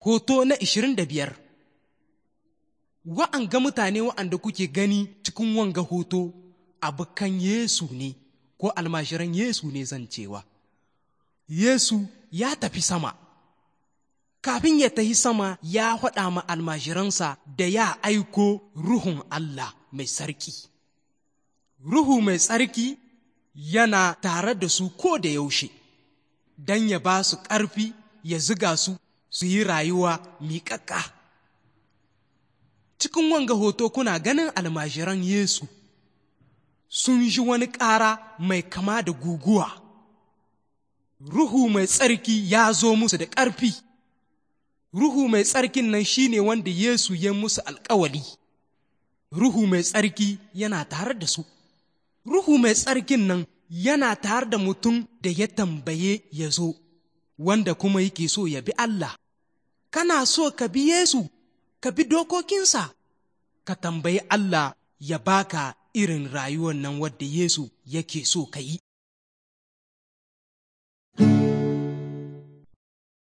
hoto na ishirin da Wa’an wa'anga mutane wa'anda kuke gani cikin wanga hoto abukan Yesu ne ko almashiran Yesu ne zan cewa Yesu ya tafi sama kafin ya tafi sama ya faɗa ma almashiransa da ya aiko ruhun Allah mai sarki ruhu mai tsarki yana tare da su ko da yaushe don ya ba su ƙarfi ya ziga su su yi rayuwa miƙaƙa cikin wanga hoto kuna ganin almajiran yesu sun ji wani ƙara mai kama da guguwa ruhu mai tsarki ya zo musu da ƙarfi ruhu mai tsarkin nan shi ne wanda yesu ya musu alƙawali ruhu mai tsarki yana tare da su ruhu mai tsarkin nan yana tare da mutum da ya tambaye ya zo wanda kuma yake so ya bi Allah kana so ka bi Yesu, ka bi dokokinsa, ka tambayi Allah ya baka irin rayuwar nan wadda Yesu yake so ka yi.